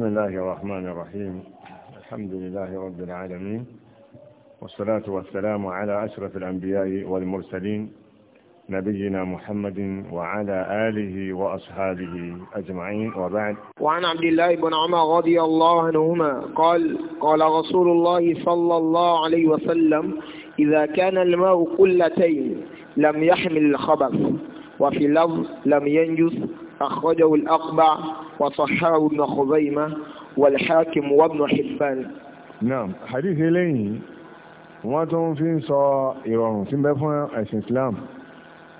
بسم الله الرحمن الرحيم الحمد لله رب العالمين والصلاة والسلام على أشرف الأنبياء والمرسلين نبينا محمد وعلى آله وأصحابه أجمعين وبعد وعن عبد الله بن عمر رضي الله عنهما قال قال رسول الله صلى الله عليه وسلم إذا كان الماء قلتين لم يحمل الخبث وفي لفظ لم ينجس أخرجه الأقبع وصححه ابن خزيمة والحاكم وابن حبان نعم حديث لين wọ́n tó ń fi ń sọ ìrọ̀rùn tí ń bẹ fún ẹ̀sìn Islam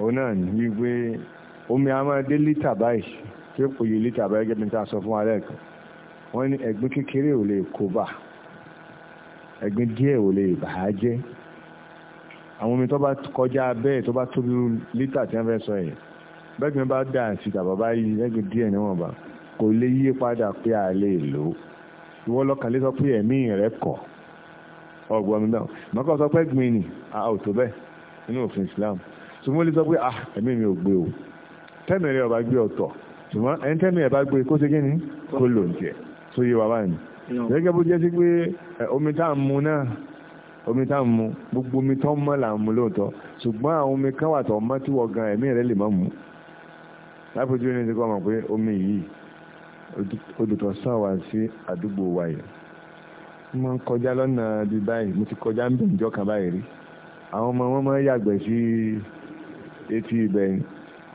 òun náà ní wípé omi a máa dé lítà báyìí tí ó pòye lítà báyìí gẹ́gẹ́ bí ta sọ fún alẹ́ kan wọ́n ní ẹ̀gbin kékeré ò lè kó bà ẹ̀gbin díẹ̀ ò lè bà á jẹ́ àwọn omi tó bá kọjá bẹ́ẹ̀ tó bá tóbi lítà tí wọ́n fẹ́ sọ yìí bẹ́ẹ̀ gbin bá dà sí tàbá báyìí ẹ̀gbin díẹ̀ níwọ̀nba kò lè yí padà pé a lè lò ó ìwọ lọ́kàn lè sọ pé ẹ̀mí rẹ̀ kọ̀ ọgbọ́n mi náà mọ́kàn sọ pé gbin ni a ò tó bẹ́ẹ̀ nínú òfin Islam ṣùgbọ́n lè sọ pé ah ẹ̀mí mi ò gbé o tẹ́mi rẹ̀ ọba gbé ọ̀tọ̀ ṣùgbọ́n ẹni tẹ́mi ẹ̀ gbé kó ṣe kí ni kó lò ní tiẹ̀ tó yé wa báyìí gẹ́gẹ́ bó jẹ́ sí pé omi tá à ń mu náà omi tá à ń mu gbogbo omi tó mọ́ là ń mu lóòótọ́ ṣùgbọ́n àwọn omi kan wà tó mọ́ tí wọ́n gan ẹ̀mí rẹ̀ lè má mu lápòjú ní ti kọ́ mọ̀ odòtọ̀ sàn wá sí àdúgbò wa yìí mo máa ń kọjá lọ́nà bí báyìí mo ti kọjá ń bẹ̀ níjọ́ kan báyìí rí àwọn ọmọ wọn máa ń yàgbẹ́ sí etí ibẹ̀ yìí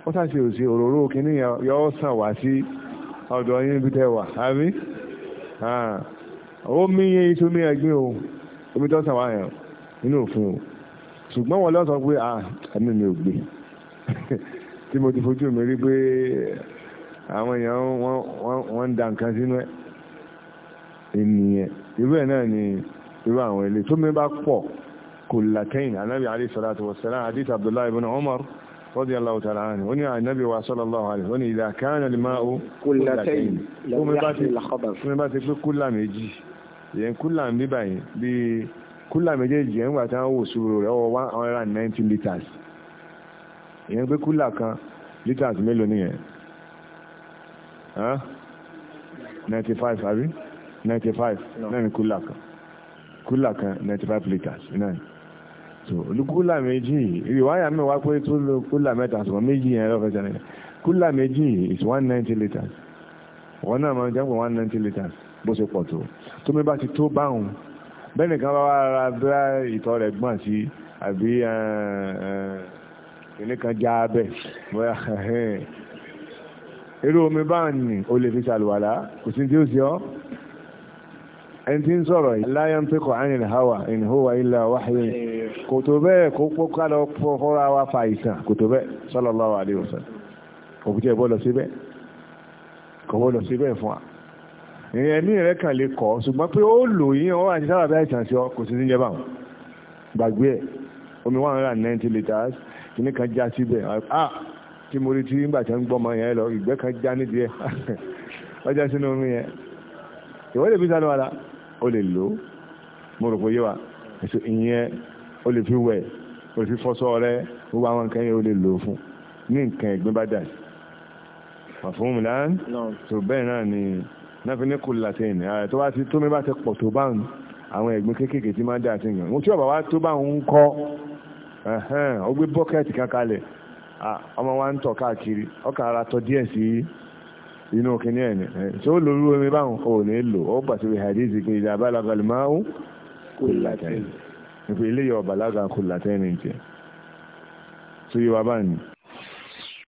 wọ́n ṣàṣe òsì òróró kínní yọ sàn wá sí ọ̀dọ̀ yín bí tẹ́ wà àbí omi yẹn iṣu mi ẹgbẹ́ o omi tó sàn wá yẹn nínú òfin o ṣùgbọ́n wọn lọ sọ pé ẹ̀mí mi ò gbé tí mo ti fojú mi rí pé àwọn èèyàn wọ́n ń da nǹkan sínú ẹ̀ ènìyàn irú ẹ̀ náà ni irú àwọn ilé tó mi bá pọ̀ kò làkẹ́yìn anábì alayhi salatu wassalam hadith abdullahi ibn umar radiyallahu ta'ala anhu ó ní anábì wa sallallahu alayhi ó ní idha kana al-ma'u kullatayn tó mi bá ti pé kúlà méjì yẹn kúlà ń bíbà yìí bíi kúlà méjèèjì ẹ̀ ń gbà tí wọ́n wò ninety five àbí ninety five náà ni kúlà kan kúlà kan ninety five litres náà ni so olùkúlà méjì yìí wáyà mi wá pé tó lo kúlà mẹ́ta ṣùgbọ́n méjì yẹn lọ́fẹ̀ẹ́ sẹ́ni kúlà méjì is one ninety litres wọn náà máa ń jẹ́pọ̀ ninety litres bó ṣe pọ̀ tó tómi bá ti tó báwọn bẹ́ẹ̀ nìkan bá wá ra bíra ìtọ̀ rẹ̀ gbọ̀n sí àbí eh, eh, kìnìkan já bẹ́ẹ̀ irú omi báyìí o lè fi ṣàlùwàlá kò sí tí ó ṣe ọ́ ẹni tí ń sọ̀rọ̀ yìí láyán pé kò ánì hawa in huwa illa wahyu kò tó bẹ́ẹ̀ kó pọ́ká lọ fọ́ra wa fa ìsàn kò tó bẹ́ẹ̀ sallallahu alaihi wasallam òkúté ẹ̀bọ́ lọ síbẹ̀ kò bọ́ lọ síbẹ̀ fún wa ìyẹn ní rẹ̀ kàn lè kọ́ ṣùgbọ́n pé ó lò yín ọ́ àti sábà bẹ́ẹ̀ ìsàn sí ọ kò sí ní jẹba wọn gbàgbé ẹ̀ omi one hundred and ninety litres kìnnìkan já síbẹ̀ ah tí mo rí tí nígbà tí wọ́n gbọ́ ọmọ yẹn lọ ìgbẹ́ kan já nídìí ẹ̀ ọjà sínú omi yẹn ìwọ́n lè fi sálọ ara o lè lò ó mo rò pé yé wa èso ìyẹn o lè fi wẹ̀ o lè fi fọṣọ rẹ gbogbo àwọn nǹkan yẹn o lè lò ó fún ní nǹkan ẹ̀gbin bá dà sí àfún mi láń tó bẹ́ẹ̀ náà ni náà fi ní kò látẹ̀yìn ààrẹ tó bá ti tó mi bá ti pọ̀ tó bá ń àwọn ẹ̀gbin kéékèèké tí máa dà sí yàn mo tí ọ̀bà wa tó bá ń kọ́ ó bọ́kẹ́ẹ̀tì kan Ah, ọmọ wa ń tọ̀ káàkiri ọkà ara tọ̀ díẹ̀ sí inú kìíní ẹ̀ ní eh, ṣé ó lórí omi báwọn ò ní lò ó gbà síbi hadithi pé ìdá abálaga lè máa ń kó látẹ́ni ìpè ilé yọ ọ̀bàlága kó látẹ́ni jẹ́ tó yẹ wa báyìí